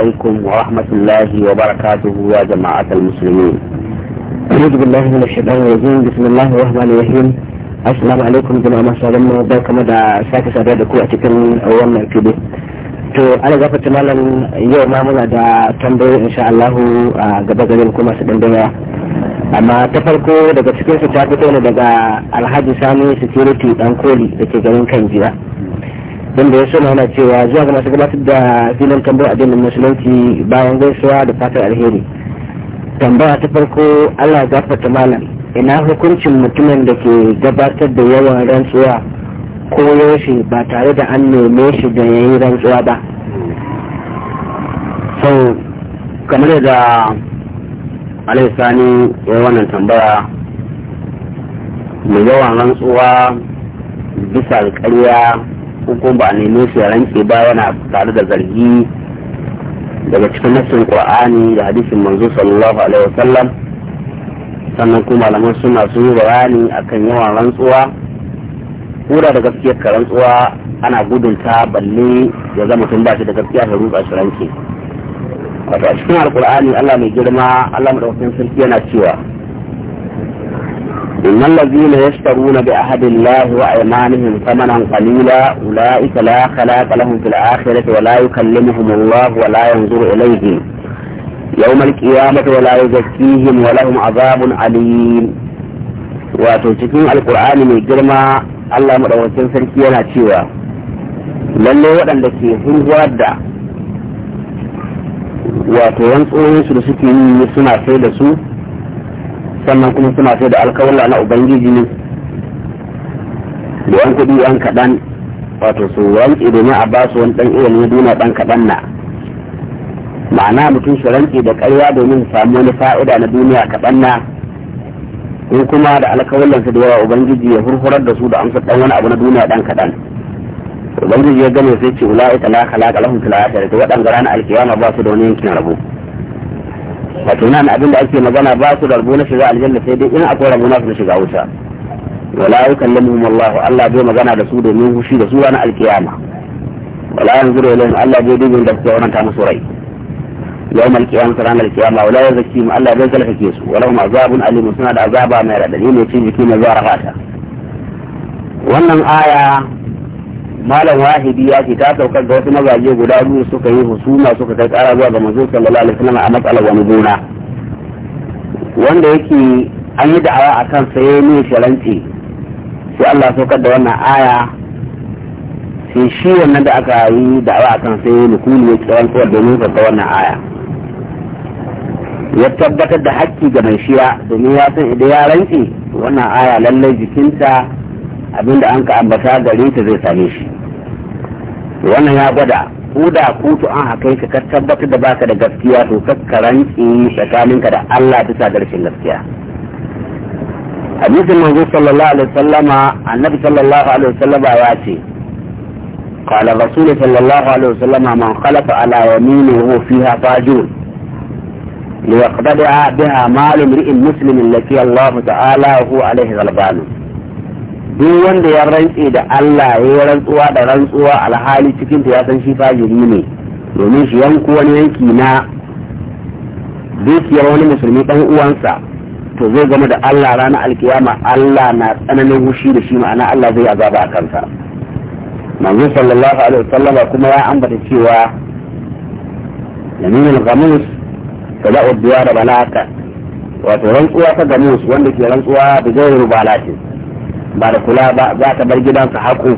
عليكم ورحمة الله وبركاته يا جماعة المسلمين أعوذ بالله من الشيطان الرجيم بسم الله الرحمن الرحيم السلام عليكم جماعة السلام وبركاته bai ساكة da sake saduwa da ku a to ana gafa tunanin yau ma muna da tambayoyi sha Allah a gaba garin kuma masu dindina amma ta farko daga cikin su ta fito ne daga Alhaji Sani Security dan koli da ke garin Kanjiya wanda ya suna yana cewa zuwa ga masu gabatar da filin tambayar addinin musulunci bayan gaisuwa da fatar alheri tambaya ta farko allah gafarta malam ina hukuncin mutumin da ke gabatar da yawan rantsuwa ko yaushe ba tare da an neme shi da yayi rantsuwa ba so kamar da alai sani ya wannan tambaya mai yawan rantsuwa bisa ƙarya ko ko ba nemo shi ranke ba yana tare da zargi daga cikin nassin qur'ani da hadisin manzo sallallahu alaihi wasallam sannan kuma malaman suna sun yi bayani akan yawan rantsuwa kura da gaskiyar ka rantsuwa ana gudunta balle ya zama tun ba shi da gaskiya ta rutsa shi ranke wato a cikin alqur'ani Allah mai girma Allah madaukakin sarki yana cewa إن الذين يشترون بعهد الله وأيمانهم ثمنا قليلا أولئك لا خلاق لهم في الآخرة ولا يكلمهم الله ولا ينظر إليهم يوم القيامة ولا يزكيهم ولهم عذاب عليم وتوشكين القرآن من جرمى الله مدوكين سركينا تشيوا lalle waɗanda ke hurguwar da wato rantsoyinsu da suke yi suna sai da su sannan kuma suna sai da alkawalla na ubangiji ne da yan kuɗi yan kaɗan wato su rantse domin a ba su wani ɗan iya na duna ɗan kaɗan na ma'ana mutum su rantse da ƙarya domin samu wani fa'ida na duniya kaɗan na in kuma da alkawallansa da yawa ubangiji ya hurhurar da su da amsa ɗan wani abu na duniya ɗan kaɗan ubangiji ya gane sai ce ula'ika la khalaqa lahum fil akhirati waɗanda ranar alkiyama ba su da wani yankin rabo wato nan abin da ake magana ba su rabu na shiga aljanna sai dai in akwai rabu na su shiga wuta wala yukallimuhum Allah Allah bai magana da su da mun da su ranar alkiyama wala yanzuru ilayhim Allah bai dubin da su wannan ta musu rai yawm alkiyama ranar alkiyama wala yazkim Allah bai zalfake su wala hum azabun alim suna da azaba mai radadi ne cikin jiki na zara fata wannan aya malam wahidi ya ce ta saukar da wasu mazaje guda biyu suka yi husuma suka kai kara zuwa ga manzon sallallahu alaihi wasallam a matsalar wani gona wanda yake an yi da'awa a kan saye ne sharanti sai Allah saukar da wannan aya sai shi wannan da aka yi da'awa a kan saye ne kuli ya tsawon kowar domin sauka wannan aya ya tabbatar da hakki ga mai shiya domin ya san idan ya rantse wannan aya lallai jikinta abinda an ka ambata gare ta zai same shi wannan ya gwada ko da kotu an haka ka ka tabbatar da baka da gaskiya to ka karanci tsakaninka da Allah bisa ga rashin gaskiya hadisin manzo sallallahu alaihi wasallama annabi sallallahu alaihi wasallama ya ce qala rasul sallallahu alaihi wasallama man khalafa ala yaminihi fiha fajur ليقتدع بها مال امرئ مسلم التي الله تعالى هو alaihi غلبانه duk wanda ya rantse da Allah ya yi rantsuwa da rantsuwa alhali cikin ta ya san shi fajiri ne domin shi yanku wani yanki na dukiyar wani musulmi dan uwansa to zai gama da Allah rana alkiyama Allah na tsananin hushi da shi ma'ana Allah zai azaba a kansa manzo sallallahu alaihi wasallam kuma ya ambata cewa al ghamus sadaqu diyar balaka wato rantsuwa ta gamus wanda ke rantsuwa da gairu balakin ba da kula ba za ta bar gidansa haƙo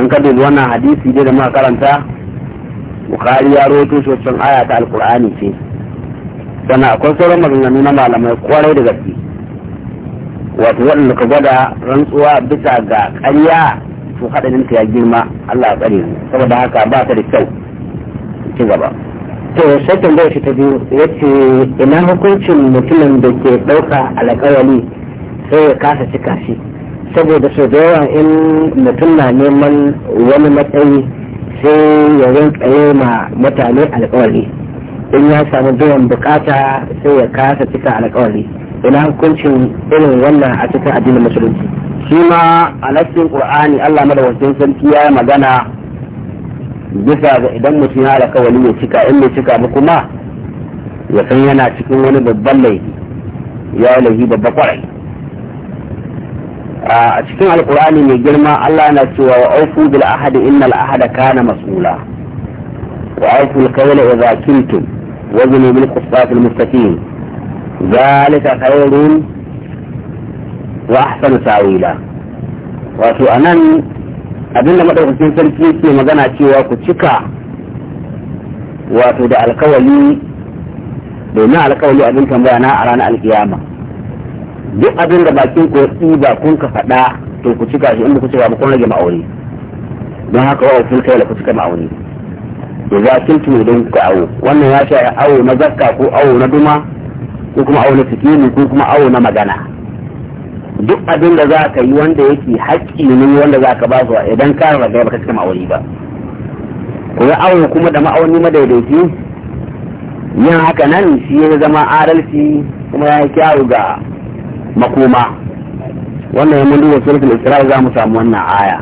in ka dubi wannan hadisi dai da muka karanta bukhari ya rawaito shi aya ta alkur'ani ce sannan akwai sauran maganganu na malamai kwarai da gaske wato waɗanda ka gwada rantsuwa bisa ga ƙarya to haɗarin ta ya girma Allah ya tsare mu saboda haka ba ta da kyau ci gaba to da shi ta biyu yace ina hukuncin mutumin da ke ɗauka alƙawali sai ya kasa cika shi saboda sau da yawa in mutum na neman wani matsayi sai ya yi ma mutane alkawari in ya samu biyan bukata sai ya kasa cika alkawari ina hukuncin irin wannan a cikin addinin musulunci shi ma a nassin qur'ani Allah madawacin sarki ya magana bisa ga idan mutum ya alkawari ya cika in bai cika ba kuma ya san yana cikin wani babban laifi ya laifi babba kwarai a cikin alkur'ani mai girma Allah yana cewa wa aufu bil ahadi innal ahada kana mas'ula wa aufu al kayla idza kuntum wa zinu bil qisat al mustaqim zalika khairun wa ahsanu sawila wato anan abinda madaukakin sarki yake magana cewa ku cika wato da alkawali domin alkawali abin tambaya na a ranar alkiyama duk abin da bakin ku ya ba kun ka faɗa to ku cika shi in ku cika ba kun rage ma'auni don haka wa kun kai ku cika ma'auni to za kin tuno don ku awo wannan ya sha awo na zakka ko awo na duma ko kuma awo na sikini ko kuma awo na magana duk abin da za ka yi wanda yake haƙƙi ne wanda za ka ba su idan ka raga ba ka cika ma'auni ba ku yi awo kuma da ma'auni madaidaiti yin haka nan shi ya zama adalci kuma ya kyawu ga makoma wannan ya mundu wasu rikin isra za mu samu wannan aya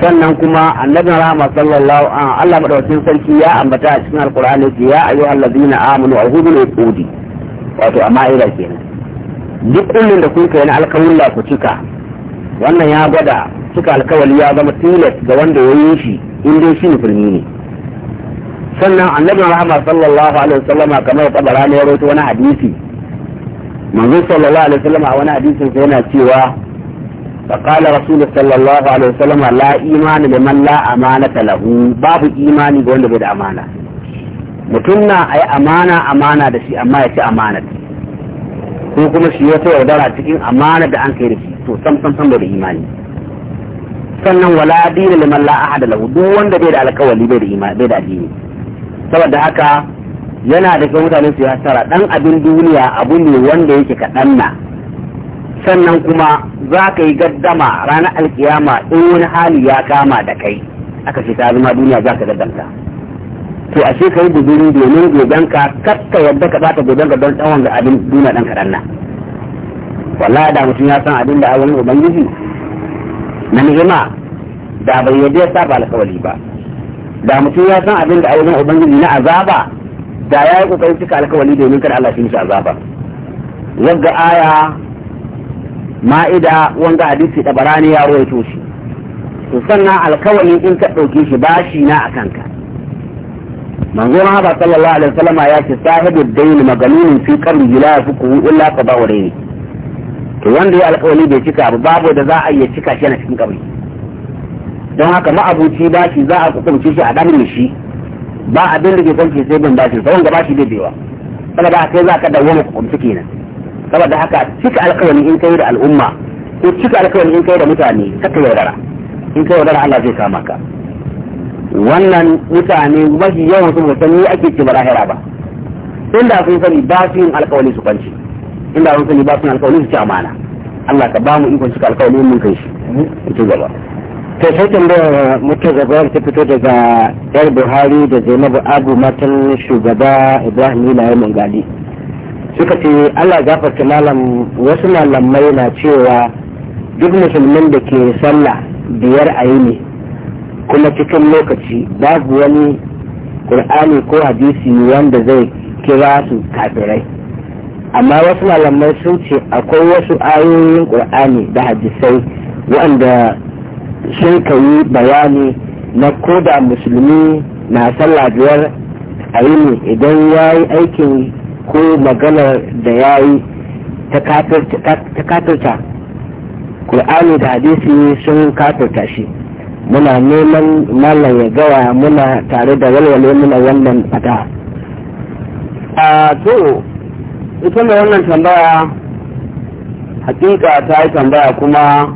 sannan kuma annabin rahama sallallahu alaihi Allah madaukakin sarki ya ambata a cikin alkur'ani ce ya ayu allazina amanu a hudu kodi wato a ma'ida kenan duk kullum da kuka yana alkawalla ku cika wannan ya gwada cika alkawali ya zama tilas ga wanda ya yi shi in dai shi musulmi ne sannan annabin rahama sallallahu alaihi wasallama kamar tabarani ya rawaito wani hadisi manzo sallallahu alaihi wasallam a wani hadisin sa yana cewa فقال رسول صلى الله عليه وسلم لا إيمان لمن لا أمانة له باب إيماني قول بيد أمانة متنا أي amana amana da shi amma ya ci amana ko kuma shi wata yaudara cikin amana da an kai da shi to sam sam sam da imani sannan wala dina liman la ahada lahu duk wanda bai da alƙawari bai da imani bai da addini saboda haka yana da kyau mutane su ya tara dan abin duniya abu ne wanda yake kaɗan na sannan kuma za ka yi gaddama ranar alkiyama in wani hali ya kama da kai aka ce ta zama duniya za ka gaddamta to ashe ka yi guzuri domin gobenka ka ka yadda ka bata gobenka don tsawon ga abin duniya dan kaɗan na wallahi da mutum ya san abin da awon ubangiji na ni'ima da bai yadda ya saba alkawali ba da mutum ya san abin da awon ubangiji na azaba da ya yi kokarin cika alkawali domin kada Allah shi musu azaba wanda aya ma'ida wanga hadisi da barani ya rawaito shi to sannan alkawali in ka dauke shi bashi na akan ka manzo ma ba sallallahu alaihi wasallama ya ce sahibu dayn maganun fi qarbi la fuku illa qada'u dayni to wanda ya alkawali bai cika ba babu da za a iya cika shi na cikin kabri don haka ma'abuci bashi za a kukunce shi a damin shi ba abin da ke kwanci sai ban bashi tsawon gaba shi bebewa saboda kai za ka dawo maka kwamci kenan saboda haka cika alkawari in kai da al'umma ko cika alkawari in kai da mutane kaka yaudara in kai yaudara Allah zai kama ka wannan mutane mafi yawan su musan ni ake ce ba lahira ba inda sun sani ba su yin alkawari su kwanci inda sun sani ba su yin alkawari su ci amana Allah ka ba mu ikon cika alkawarin mun kai shi ci gaba ta sai tambayar mutu gabar ta fito daga yar buhari da zainabu abu matan shugaba ibrahim yana yi mungali suka ce allah gafarta malam wasu malamai na cewa duk musulmin da ke sallah biyar a ne kuma cikin lokaci babu wani kur'ani ko hadisi wanda zai kira su kafirai amma wasu malamai sun ce akwai wasu ayoyin kur'ani da hadisai waɗanda sun ka yi bayani na koda musulmi na sallah biyar a yini idan ya yi aikin ko maganar da ya yi ta katarta ƙul'ani da hadisi sun katarta shi muna neman malam ya gawa muna tare da walwale muna wannan fata a to ita mai wannan tambaya hakika ta yi tambaya kuma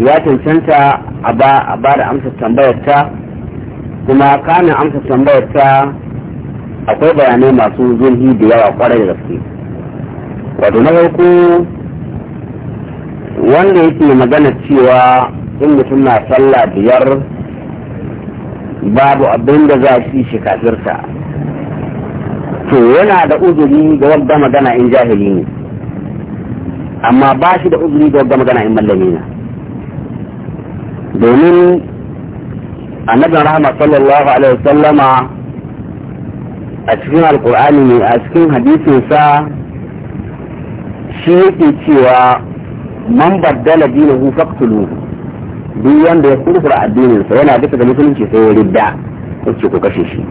ya cancanta a ba da amsar tambayar ta kuma kanin amsa tambayar ta akwai bayanai masu zurfi da yawa kwarai da gaske wato na farko wanda yake magana cewa in mutum na sallah biyar babu abin da za shi shi kafirta to yana da uzuri ga wadda magana in jahili ne amma ba shi da uzuri ga wadda magana in mallami na domin annabin rahama sallallahu alaihi wasallama a cikin alkur'ani ne a cikin hadisinsa shi yake cewa man baddala dinahu faqtulu duk wanda ya addinin addininsa yana bisa da musulunci sai ya ridda kuke ko kashe shi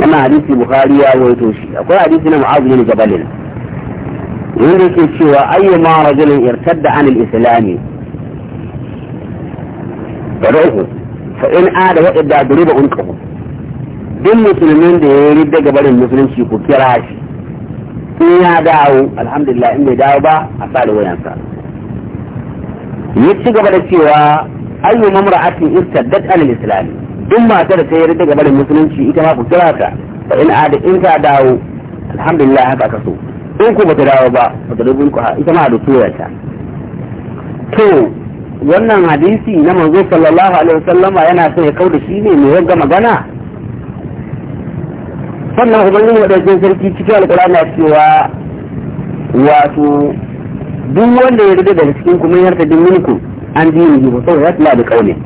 wannan hadisi bukhari ya rawaito shi akwai hadisi na mu'azu bin jabalin wanda yake cewa ayyuma rajulin irtadda anil islami ruhu fa in ada wa idda duriba unqahu duk musulmin da ya yi daga musulunci ku kira shi in ya dawo alhamdulillah in bai dawo ba a sa wayansa ya ci gaba da cewa ayyu mamra'atin irtaddat anil islam duk matar da ta yi da gabarin musulunci ita ma ku kira ta fa in ada in ta dawo alhamdulillah haka aka so in ku bata dawo ba bata dubin ku ita ma da turanta to wannan hadisi na manzo sallallahu alaihi wasallama yana so ya kauda shi ne mai yanga magana sannan ubangiji madaukakin sarki cikin alkurana na cewa wato duk wanda ya rida daga cikin kuma yarta din ku an ji ni ba saboda yatla da kaune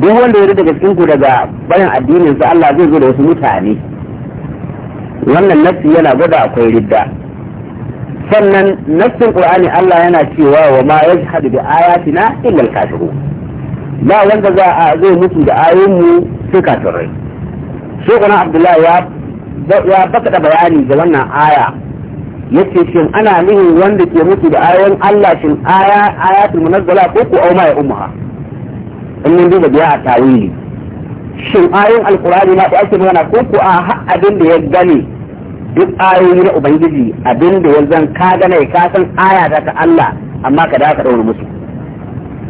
duk wanda ya rida daga cikin ku daga bayan addinin sa Allah zai zo da wasu mutane wannan nafsi yana gwada akwai ridda sannan nassin qur'ani Allah yana cewa wa ma yajhadu bi ayatina illa al-kafirun ba wanda za a zai mutu da ayoyin mu sai kafirai shi kuma Abdullahi ya ya baka bayani ga wannan aya yace shin ana nihin wanda ke mutu da ayoyin Allah shin aya ayatul munazzala ko ko au ma ya umma in mun duba biya a tawili shin ayoyin alqur'ani ma da ake magana ko ko a abin da ya gane duk ayoyi na ubangiji abin da yanzu ka gane ka san aya ta ta Allah amma ka dawo ka daura musu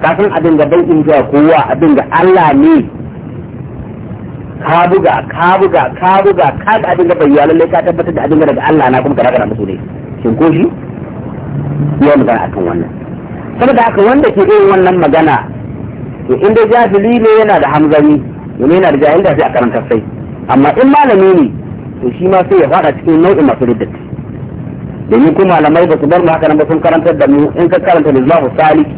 ka san abin da ban injiya kowa abin da Allah ne ka buga ka buga ka buga ka ga abin da bayyana lalle ka tabbatar da abin da daga Allah na kuma ka da musu ne shin ko shi ya magana akan wannan saboda haka wanda ke yin wannan magana to inda jahili ne yana da hamzari yana da da sai a karanta sai amma in malami ne to shi ma sai ya fada cikin nau'in masu riddat domin kuma malamai ba su bar mu haka nan ba sun karanta da mu in ka karanta da zuwa salik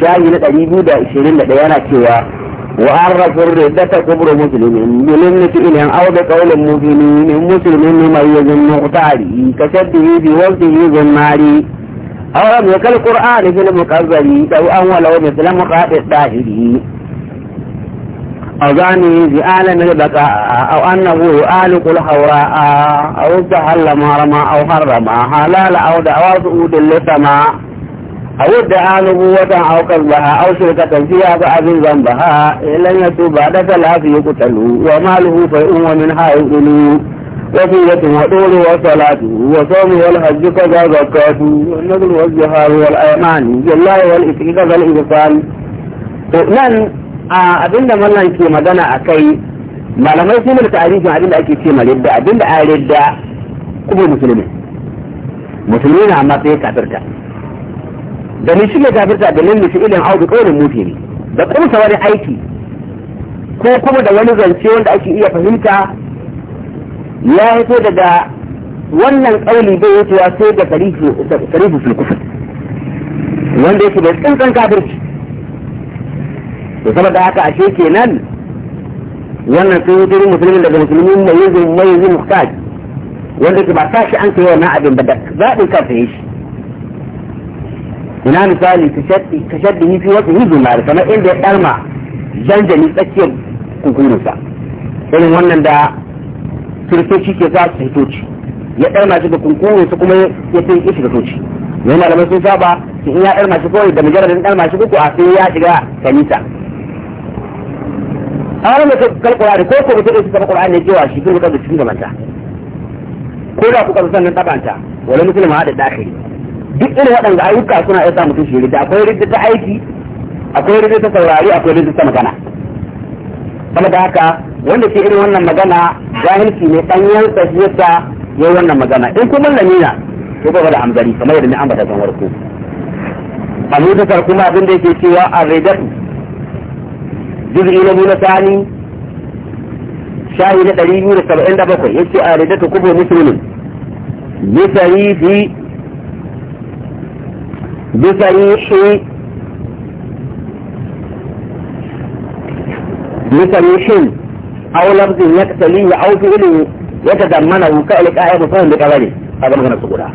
shayi na ɗari biyu da ishirin da ɗaya na cewa wa an arrafu riddata kubru muslimin bilin nifin an aw bi qawlin ne mai mimma yuzunnu qutari ka yi bi mari awa mai lam yakal qur'an fil muqazzari aw an walau mislam qatil ɗahiri أو جاني في أعلم البكاء أو أنه يؤالق الهوراء أو تحلم رمى أو حرما حلال أو دعوات أود للسماء أو ادعى نبوة أو كذبها أو شركة فيها فأبي ذنبها إن يتوب بعد ثلاث يقتل وماله فيؤم ومنها يؤمن وفية وطول وصلاة وصوم والحج كذا زكاته والنذر والجهار والأيمان بالله والإسكي كذا الإنسان a abinda mallan ke magana a kai malamai su mana tarihin abinda ake ce maridda abinda a ridda kuma musulmi musulmi na amma sai kafirta da ni shi ne kafirta da nan shi ilin audu kawai mutane da kuma wani aiki ko kuma da wani zance wanda ake iya fahimta ya haifo daga wannan kauli bai ya sai da tarihi sulkufi wanda yake da tsantsan kafirci to da haka ashe kenan wannan sun yi musulmin daga musulmin mai yanzu mai yanzu muhtaj wanda ke ba tashi shi an kai wannan abin ba da zaɓin kansa ya shi ina misali ka yi fi wasu hizu na kamar inda ya ɗarma zanjani tsakiyar kunkurinsa irin wannan da kiristoci ke za su hitoci ya ɗarma shi da kunkurinsa kuma ya fi ishi ga toci yana da sun saba in ya ɗarma shi kawai da mujarar ɗarma shi kuku a sai ya shiga kanisa a wani mutum kal qur'ani ko ko mutum yake kama qur'ani ne cewa shi kirka da cikin gamanta ko da kuka sannan tabanta wala musulma hada dakhili duk irin waɗanda ayyuka suna iya sa mutum shi rida akwai rida ta aiki akwai rida ta saurari akwai rida ta magana da haka wanda ke irin wannan magana jahilci ne dan yansa shi yasa yayi wannan magana in kuma lamina ko ba da hamzari kamar yadda ni ambata kan warko amma da kuma abin da yake cewa a ridatu juz'i na biyu na sani shahi na ɗari biyu da saba'in da bakwai ya ce a ridatu kubo musulmin bisarihi bisarihi bisarihin aw lafzin yaktalihi aw fi'lin yatadammanahu ka'ilqa'a mufahim bi qabali kaga magana su guda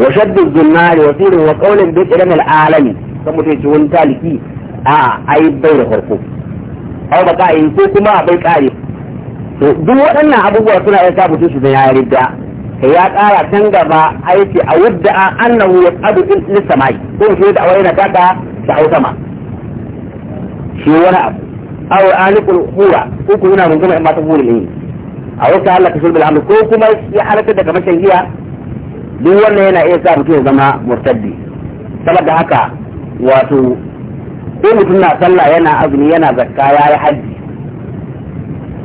wa shaddu zunnari wa sirrin wa qawlin bi qiramil alami kan mutum ya ci wani taliki a ai bai da farko aw ba kai ko kuma akwai kare to duk waɗannan abubuwa suna iya sa mutum da ya yarda ka ya ƙara can gaba aiki a wadda annahu in lis samai ko shi da awai na kaka da au sama shi wani abu aw alikul hura ko kuma yana mun gama in ma ta hura ne a wasu ka shulbul alhamdu ko kuma ya halatta daga mashan giya duk wannan yana iya sa mutum ya zama murtaddi saboda haka wato ko mutum na sallah yana azumi yana zakka ya yi haji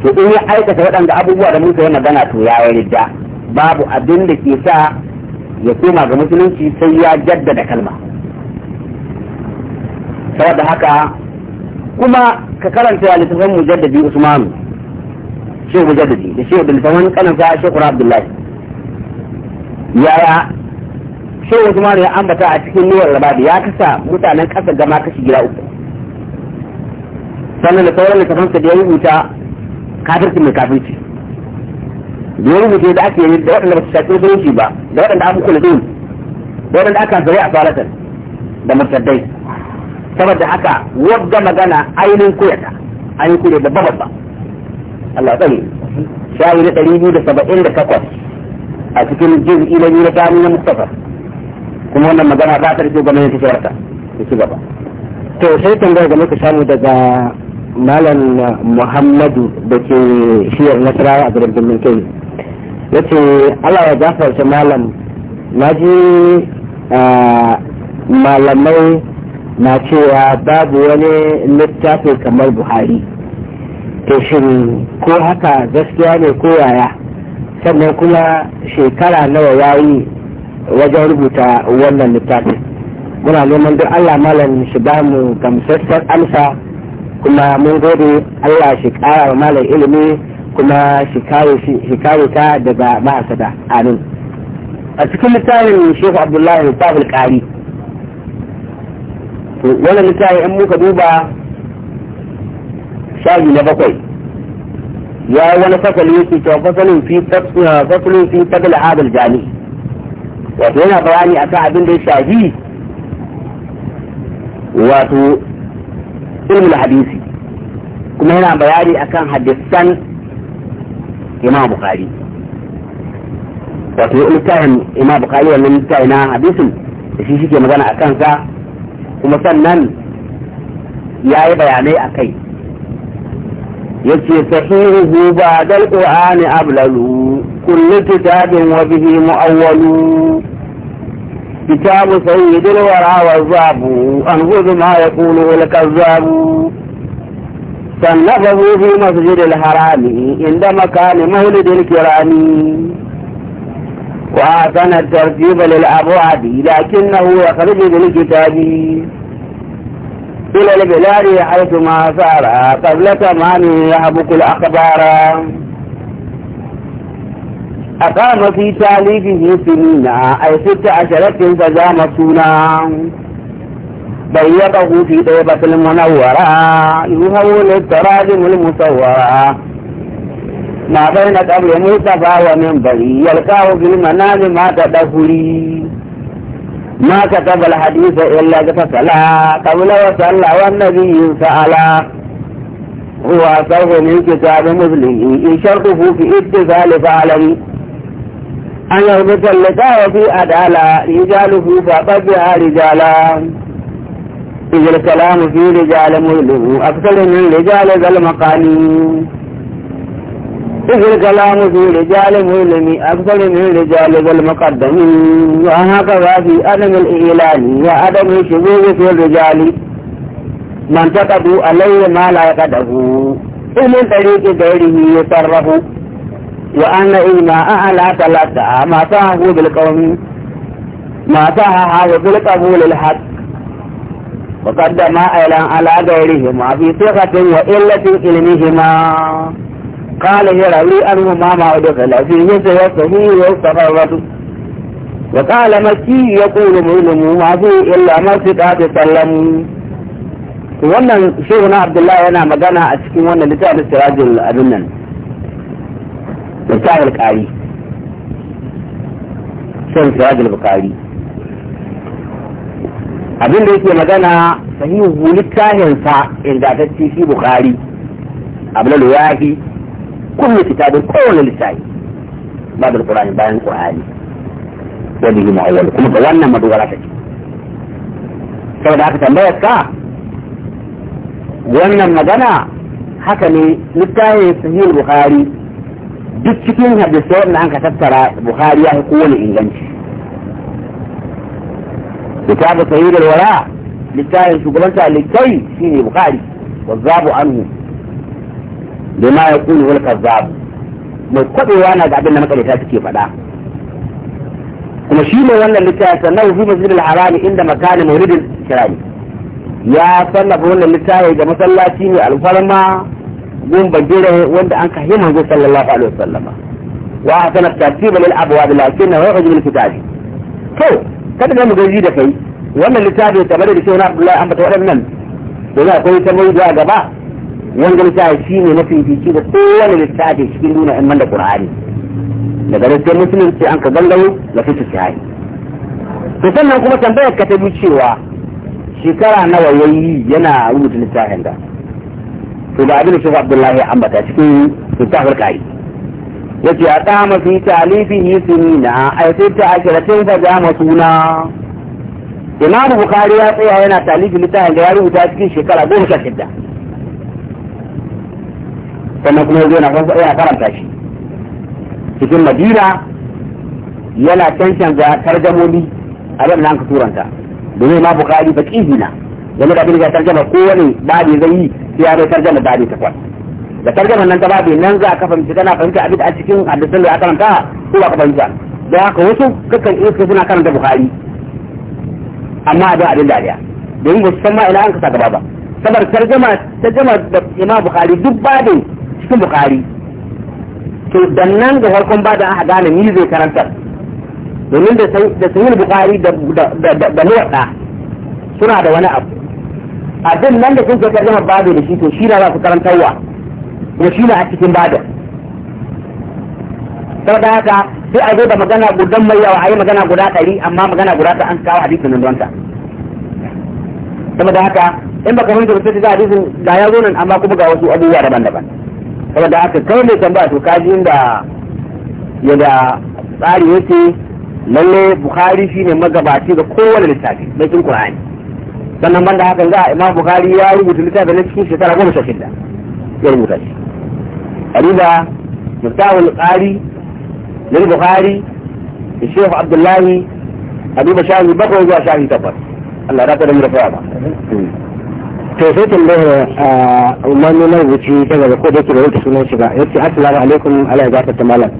to in ya aikata waɗanda abubuwa da muka yi magana to ya yi ridda babu abin da ke sa ya koma ga musulunci sai ya jaddada kalma saboda haka kuma ka karanta littafin mujaddadi usmanu shehu mujaddadi da shehu da littafin kanansa shehu abdullahi yaya wasu mara ya ambata a cikin nuwar rabadi ya kasa mutanen ƙasar gama kashi gida uku sannan da sauran littafansa da ya rubuta kafirci mai kafirci da ya rubuta da ake yi da waɗanda ba su shafi musulunci ba da waɗanda aka kula zuwa da waɗanda aka zare a salatar da murtaddai saboda haka wadda magana ainihin kuyata ainihin kuyata babba babba Allah tsari shayi na ɗari biyu da saba'in da takwas a cikin jirgi na biyu na na Mustapha. kuma wannan magana ba ta rike gwamnati ta shawarta da ci gaba to sai tambaya ga muka samu daga malam muhammadu da ke shiyar nasarawa a garin birnin kai ya ce allah ya gafarta malam na ji malamai na cewa babu wani littafi kamar buhari to shin ko haka gaskiya ne ko yaya sannan kuma shekara nawa yayi wajen rubuta wannan littafin muna neman duk allah malam shi ba mu gamsassar amsa kuma mun gode allah shi kara wa malam ilimi kuma shi kare ta daga ma'asada amin a cikin littafin shehu abdullahi babul kari wannan littafin in muka duba shayi na bakwai ya wani fasali yake cewa fasalin fi fasalin fi fadl hadal jami'i wato yana bayani akan abin da ya shafi wato ilmul hadisi kuma yana bayani akan hadisan imam bukari wato littafin imam bukari wannan littafi na hadisin da shi shike magana a kansa kuma sannan ya yi bayanai a kai yace sahihu بعد القرآن qurani كل كتاب وبه مؤول كتاب سيد الورى والذاب أنفذ ما يقوله الكذاب صنفه في مسجد الحرام عند مكان مولد الكرام وأعطنا الترتيب للأبواب لكنه يخرج بالكتاب إلى البلاد حيث ما سار قبل زمان يهبك الأخبار أقام في تاليفه سنين أي ست عشرة فزام سونا ضيقه في طيبة المنورة يهول التراجم المصورة ما بين قبر مصطفى ومنبري يلقاه في المنام ما تدخلي ما كتب الحديث إلا فصلا قبل وصلى والنبي فعلا هو أصغ من كتاب مثله شرطه في اتصال فعلم أن يربط اللقاء في أدالة رجاله جاء رجالا إذ الكلام في رجال مذله أكثر من رجال ذا المقانين إذ كلام في رجال مولمي أفضل من رجال ذا المقدمين وهكذا في عدم الإعلان وعدم الشذوذ في الرجال من تقدوا عليه ما لا يقدره ومن طريق غيره يصرف وأن إجماع على ثلاثة ما صاحه بالقوم ما صاحه بالقبول الحق وقدم إعلان على غيرهما في ثقة وإلة علمهما قال يا ربي أنه ما ما أدخل في يسر يصفه ويصفرته وقال ما كي يقول مؤلم ما فيه إلا ما سكات يسلم وانا شيخنا عبد الله وانا مدانا أسكي وانا لتعب السراج الأبنان لتعب الكاري شيخ السراج البكاري abin da yake magana sahihu wuli kahin sa inda ta ci shi bukari abdullahi kullu kitabin kowane littafi ba da qur'ani bayan qur'ani wa bihi mu'awwal kuma ga wannan madogara take saboda haka tambayar ka wannan magana haka ne littafin sahih bukhari duk cikin hadisai wanda an ka tattara bukhari ya kowane inganci kitabu sahih al-wara littafin shugabanta likai shine bukhari wazabu anhu ma ya kulu wal kazzab mai kwabewa na ga abin da makarita suke faɗa kuma shi ne wannan littafin sannan fi masjid al-haram inda makani mawridin kirani ya sallafa wannan littafin ga masallaci ne alfarma gun bagire wanda an kahi manzo sallallahu alaihi wasallam wa hasana tartiba lil abwab lakin wa yakhruju min kitabi to kada da mu gaji da kai wannan littafi kamar da shi na Abdullahi an bata waɗannan da za akwai tambayoyi da gaba wanda littafi shi ne mafi fici da kowane littafi cikin nuna in man da qur'ani daga da sai musulunci an ka gangaro da su tsari to sannan kuma tambayar ka ta bi cewa shekara nawa yayi yana rubuta littafin da to da abin shi Abdullahi ambata cikin littafin kai yace a tsama fi talifihi sunina ai sai ta akiratin fa ga masuna Imam Bukhari ya tsaya yana talifi littafin da ya rubuta cikin shekara goma sha shidda sannan kuma yanzu yana karanta shi cikin madina yana cancanza tarjamomi a yadda an ka turanta domin ma bukari ba kihina game da abin da tarjama wani babi zai yi sai ya bai tarjama babi kwan da tarjama nan ta babi nan za kafa mace tana fahimta abin a cikin hadisan da ya karanta ko ba ka fahimta da haka wasu kakan iska suna karanta bukari amma da abin dariya domin ba su san ma ina an sa gaba ba sabar tarjama jama da imam bukari duk babin cikin bukari to dan nan ga farkon ba da aka gane ni zai karanta, domin da sahih bukari da da suna da wani abu a din nan da kun ka karɓi babu da shi to shi na za su karantarwa kuma shi na a cikin bada saboda haka sai a zo da magana gudan mai yawa a yi magana guda ɗari amma magana guda ta an kawo hadisin nan donta saboda haka in baka fahimta ba sai ta hadisin da ya zo nan amma kuma ga wasu abubuwa daban-daban da aka kawai mai tambaya to kaji inda da tsari yake lalle bukhari shine magabaci ga kowane littafi na cikin qur'ani sannan banda haka za imam bukhari ya rubuta littafi na cikin shekara goma sha shida ya rubuta shi riba mustawul qari lil bukhari الشيخ عبد الله حبيب شاهي بكر وشاهي تبر الله لا fara ba tausaitin da ya a eh, umarni na rubuci ta gaba ko da ke wata sunan shi ba yace assalamu alaikum ala ya gafarta malam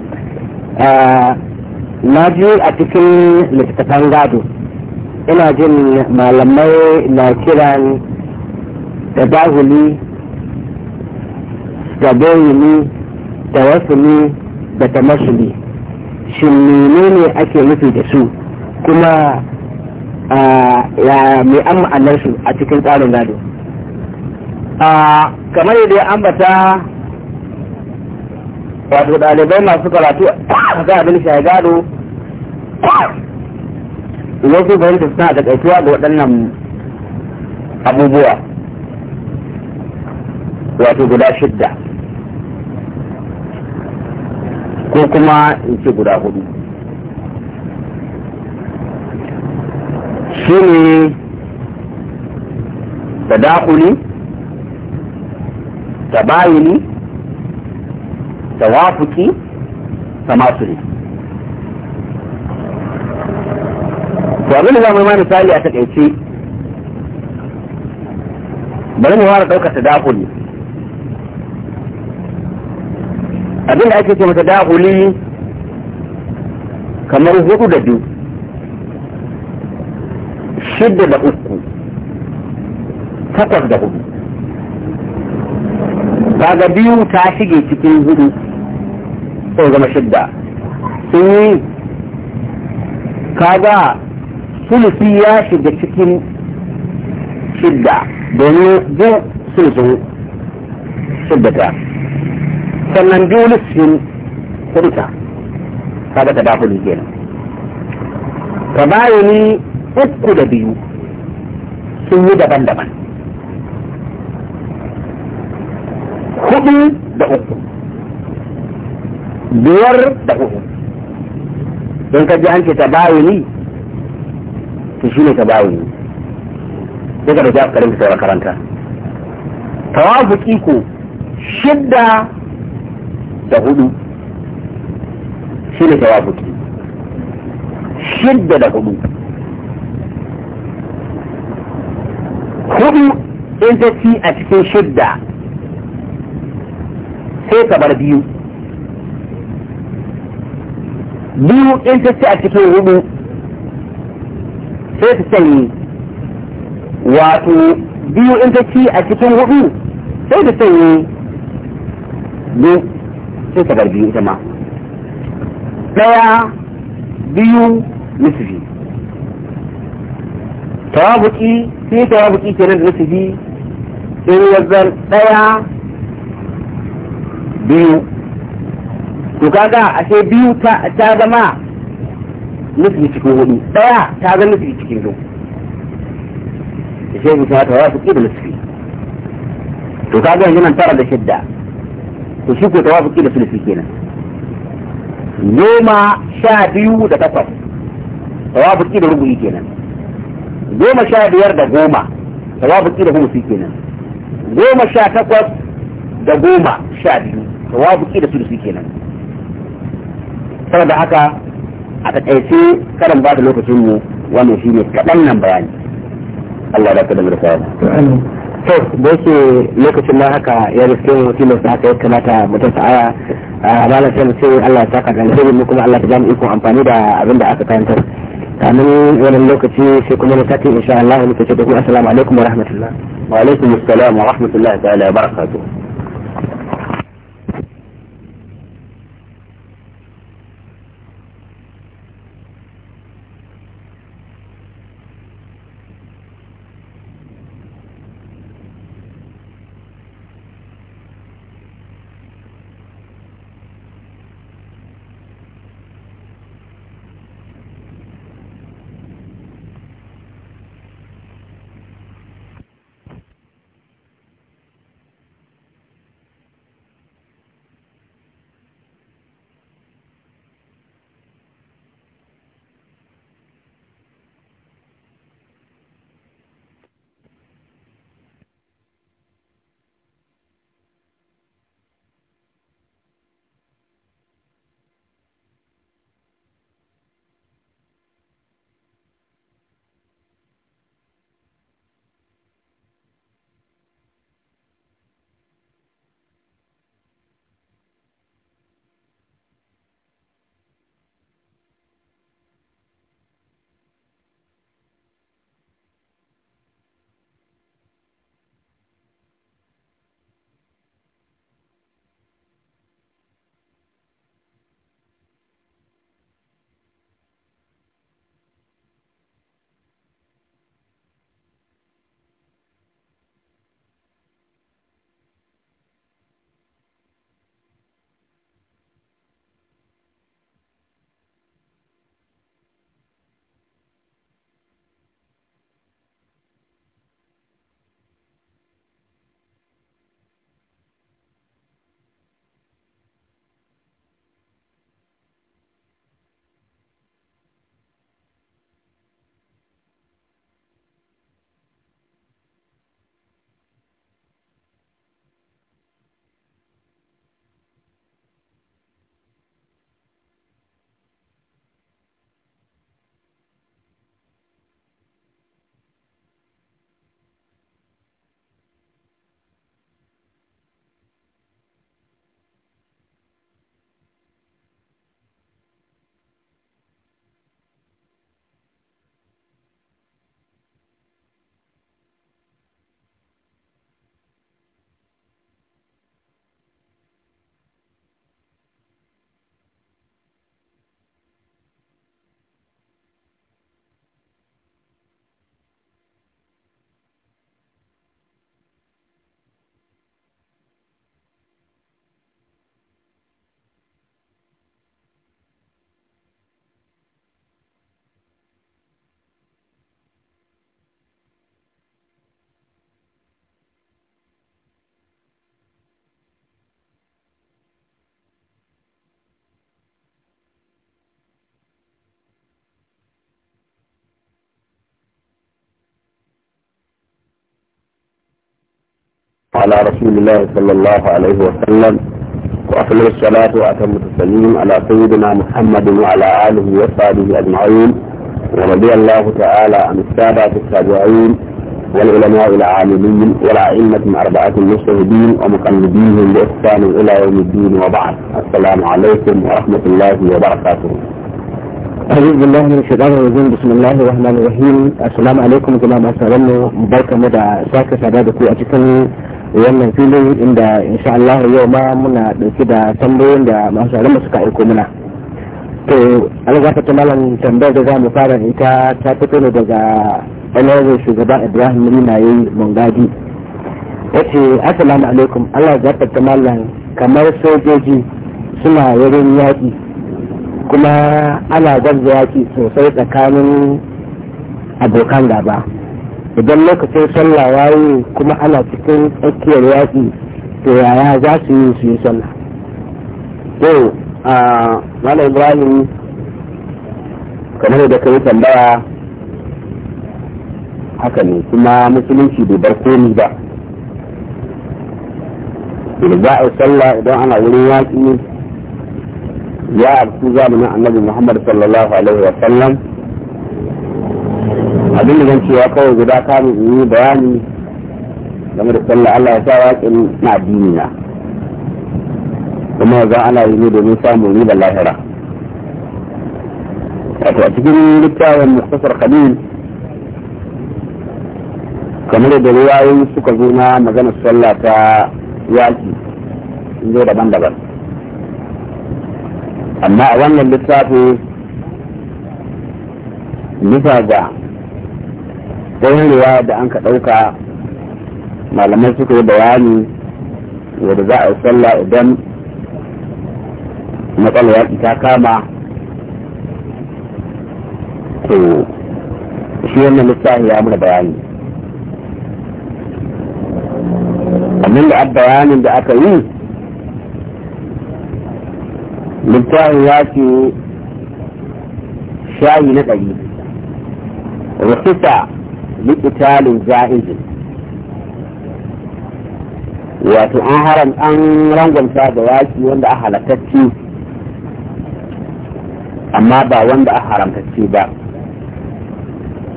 eh, na ji a cikin littattafan gado ina jin malamai na kiran da dahuli da bayani da wasuli da tamashuli shin menene ake nufi da su kuma eh, ya mai an ma'anarsu a cikin tsarin gado a kamar yadda ya ambata wato ɗalibai masu karatu a ga abin shagado wasu fahimta suna da ƙaituwa da waɗannan abubuwa wato guda shidda ko kuma in ce guda hudu shi ne da dakuli tabayuni tawafuki tamasuri to abin da zamu yi mana misali a takaice bari mu fara daukar tadahuli abin da ake ce mata dahuli kamar hudu da biyu shidda da uku takwas da hudu kaga biyu ta shige cikin hudu ko zama shidda sun yi kaga sulusi ya shiga cikin shidda domin jin sulusun shidda ta sannan biyu sun hudita kaga ta dafuli kenan Ka bayani uku da biyu sun yi daban-daban hudu da uku biyar da uku don ka ji an ce tabayuni to shi ne tabayuni sai ka dauki akarin ka saura karanta tawafuki ko shidda da hudu shi ne kiko shidda da hudu hudu in ta ci a cikin shidda sai ka bar biyu biyu in ta ce a cikin hudu sai ta sanyi wato biyu in ta ci a cikin hudu sai ta sanyi biyu sai ta bar biyu ita ma ɗaya biyu nisfi tawabuki sai tawabuki kenan da nisfi sai ya zar ɗaya biyu to kaga ashe biyu ta zama nufi cikin hudu daya ta zama nufi cikin biyu da shehu ta wasu ƙi da nufi to kaga yanzu nan tara da shidda to shi ko ta wasu ƙi su sulfi kenan goma sha biyu da takwas ta wasu ƙi da kenan goma sha biyar da goma ta wasu ƙi da kenan goma sha takwas da goma sha biyu tawafuki da sulusi kenan saboda haka a takaice karan ba da lokacin mu wannan ne kaɗan nan bayani Allah da kadan rufa to da yake lokacin ma haka ya riske mu tilas haka ya kamata mutum ta aya a malam sai mu Allah ta saka dan sai mu kuma Allah ya bamu iko amfani da abin da aka karantar kamin wannan lokaci sai kuma na sati insha Allah mu ce da ku assalamu alaikum wa rahmatullah wa alaikum assalam wa rahmatullahi ta'ala wa barakatuh على رسول الله صلى الله عليه وسلم وأفضل الصلاة وأتم التسليم على سيدنا محمد وعلى آله وصحبه أجمعين ورضي الله تعالى عن السادة التابعين والعلماء العاملين والأئمة الأربعة المجتهدين ومقلديهم بإحسان إلى يوم الدين وبعد السلام عليكم ورحمة الله وبركاته أعوذ بالله من الشيطان الرجيم بسم الله الرحمن الرحيم السلام عليكم جماعة السلام بركة مدى ساكة سعدادكم أتكلم wannan filin inda insha Allah yau ma muna dauke da tambayoyin da masu alama suka aiko muna to algafa ta malam tambayar da za mu fara ita ta fito ne daga honorable shugaba Ibrahim Linaye Mungadi yace assalamu alaikum Allah ya ta malam kamar sojoji suna wurin yaƙi kuma ana gwamza yaƙi sosai tsakanin abokan gaba idan lokacin sallah yi kuma ana cikin tsakiyar yaƙi to yaya za su yi su yi sallah to a mana ibrahim kamar da kai tambaya haka ne kuma musulunci bai bar komi ba idan za a sallah idan ana wurin yaƙi ya arzu zamanin annabi muhammad sallallahu alaihi wa sallam abin da zan cewa kawai guda kamun in yi bayani game da sallah Allah ya sa waƙin na addini na kuma za ana yi ne domin samun da lahira wato a cikin littafin mustafar khalil kamar da ruwayoyi suka zo na maganar sallah ta yaƙi in zo daban-daban amma a wannan littafin Nufa ga yin riwaya da an ka ɗauka malamai suka yi bayani wadda za a yi sallah idan matsalar yaƙi ta kama to shi wannan lissafi ya mura bayani abin da bayanin da aka yi littafin ya ce shayi na ɗari rufita liƙitalin ja'izin wato an haram an rangwanta da waki wanda a halatacci amma ba wanda a haramtacci ba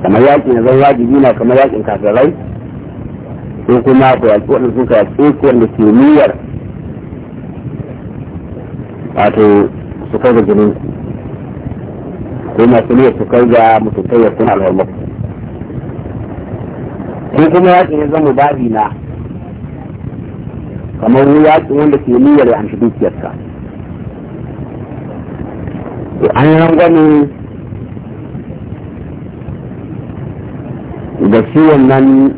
kamar yaƙi na zan wajibi na kamar yaƙin kafirai ko kuma ku yaƙi waɗanda suka yaƙi ko wanda ke niyyar wato su kai da jinin ku ko masu niyyar su kai da mutuntayyar kuna alhormatu sai kuma yaƙin ya zama babi na kamar yaƙin wanda ke niyyar ya amshi dukiyarsa an yi rangwani da shi wannan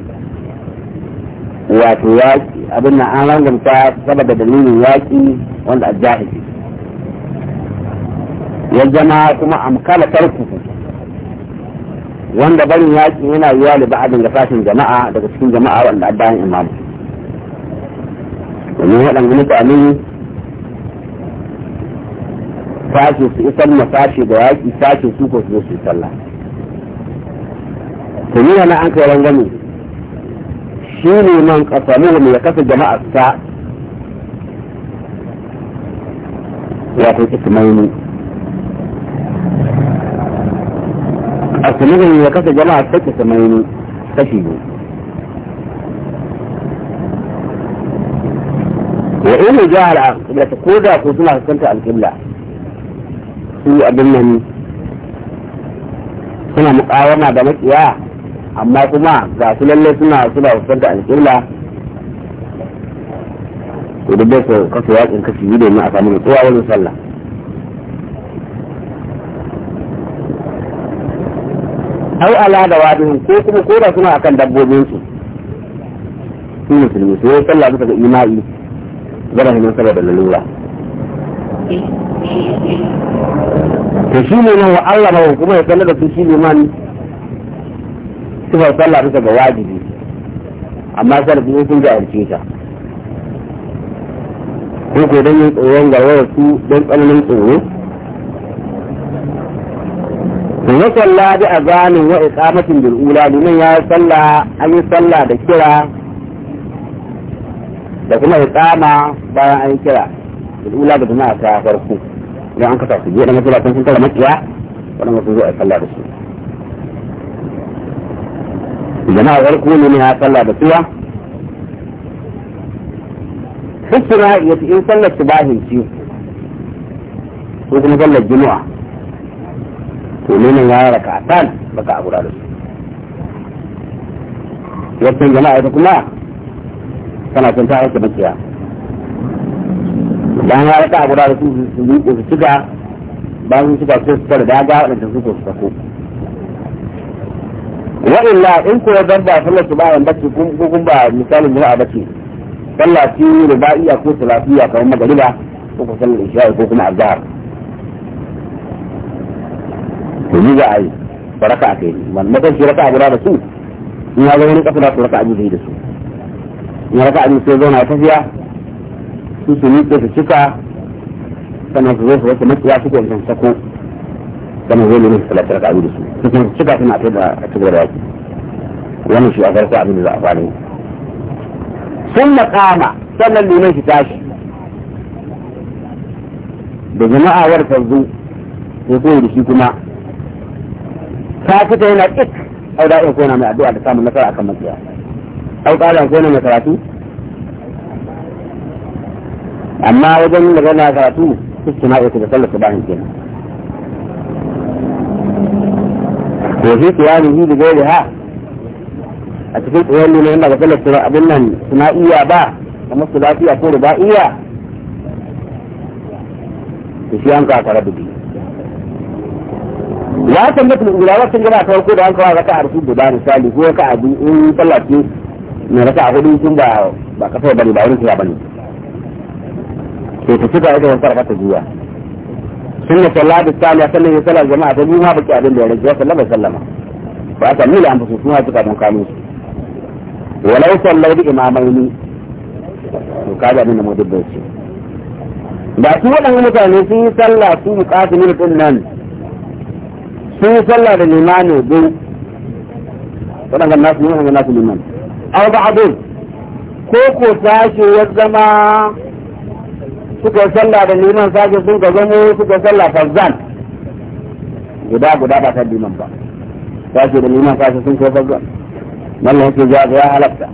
wato yaƙi abin na an rangwanta saboda dalilin yaƙi wanda a jahili ya zama kuma amkala tarkuku wanda barin yakin yana yiwa da ba'adin da fashin jama'a daga cikin jama'a wanda bayan imamu domin waɗanda amin fashin su isar masashi da yaƙi sashe su ko su zo su sallah to ni na an kai rangami shi ne man kasamu ne ya kasa jama'a sa wato ismaili a sanarwar ya kasa jama'a take samayin kashi biyu wa in ja al-qibla ko da ko suna kanta alƙibla qibla su abin nan suna muqawama da makiya amma kuma ga su lalle suna suna kanta al-qibla to da bai kasu yakin kashi biyu domin a samu nutsuwa wajen sallah hau ala da wadin ko kuma ko da suna akan dabbobin su su musulmi su yi sallah bisa ga imani zara hinan da lalura to shi ne nan wa Allah ma kuma ya sallar da su shi ne su sifar sallah bisa ga wajibi amma sarfi sun jahilce ta ko ko dan yin tsoron garwar su dan tsananin tsoro wa salla bi azanin wa iqamatin bil ula domin ya salla an yi salla da kira da kuma iqama bayan an kira bil'ula ula da dana ta farko idan an kasa su je da masallatan sun kala makiya wannan sun zo a salla da su a farko ne ya salla da suwa fisira ya in sallar subahin ci ko kuma sallar juma'a kullum ya raka tan baka abu da su yadda jama'a ita kuma tana son ta aiki makiya bayan ya raka abu da su su yi su shiga bayan su cika su fara daga wadanda su su sako wa'illa in ko dan ba sallar su bayan bacci ko kun ba misalin jama'a bacci sallah ci rubaiya ko salafiya kamar magariba ko sallar isha'i ko kuma azhar to ni za a yi ba raka a kai matan shi raka a guda da su in ya zo wani kasa da su raka a biyu da su in raka a sai zauna ya tafiya su su miƙe su cika sannan su zo su wasu matsiya su kwanci sako sannan zai nemi su talatar raka a da su su kuma cika suna ta da a cikin yaki wani shi a farko abin da za a fara yi sun maƙama sannan neman shi tashi da jama'a warfar zo sai kuma da shi kuma ta fita yana tsik au da'in ko na mai addu'a da samun nasara akan makiya au ko na mai karatu amma wajen magana karatu suke na uku da sallar su bahin kenan to shi kiyani yi da gairi ha a cikin tsohon nuna yana da sallar sura abin nan suna iya ba kamar su lafiya ko ruba iya to shi an kakara dubi ya san da gura wacce gaba ta farko da an kawo raka a rufin guda misali ko raka a biyu in sallah ce mai raka a hudu sun ba ba kafa bane ba wurin kira bane ke ta cika ita wata raka ta sun da sallah da a sallah ya sallah jama'a ta biyu ma baki abin da ya rage sallah bai sallama ba ta mila an fusu suna cika don kano su walau sallau da ne to kaji abin da mu dubbe ce da su waɗanda mutane sun yi sallah su muƙasimin din nan sun yi sallah da limani don waɗanda nasu ne waɗanda nasu liman ba abin ko ko sashi ya zama suka sallah da liman sashi sun ka zamo suka sallah farzan guda guda ba ta liman ba sashi da liman sashi sun ka farzan mallan yake ja ya halatta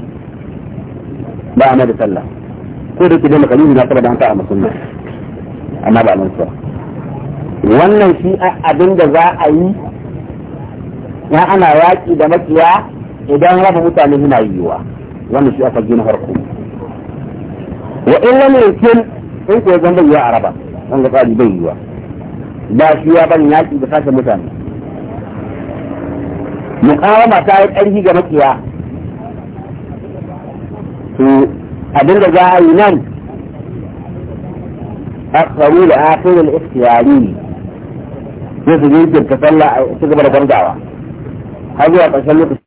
ba a mai da sallah ko da ke da makalimi na saboda an ta'a musulma amma ba a nan suwa wannan shi abin da za a yi na ana yaƙi da makiya idan rafa mutane suna yiwuwa wannan shi aka gina harko wa in wani yankin in ko zan bai a raba wanda tsari bai yiwuwa ba shi ya bani yaƙi da sashen mutane muƙawama ta yi ƙarfi ga makiya to abin da za a yi nan أكثر لآخر الاختياري sai su je ka sallah a cigaba gaba da gamdawa har zuwa ƙarshen lokaci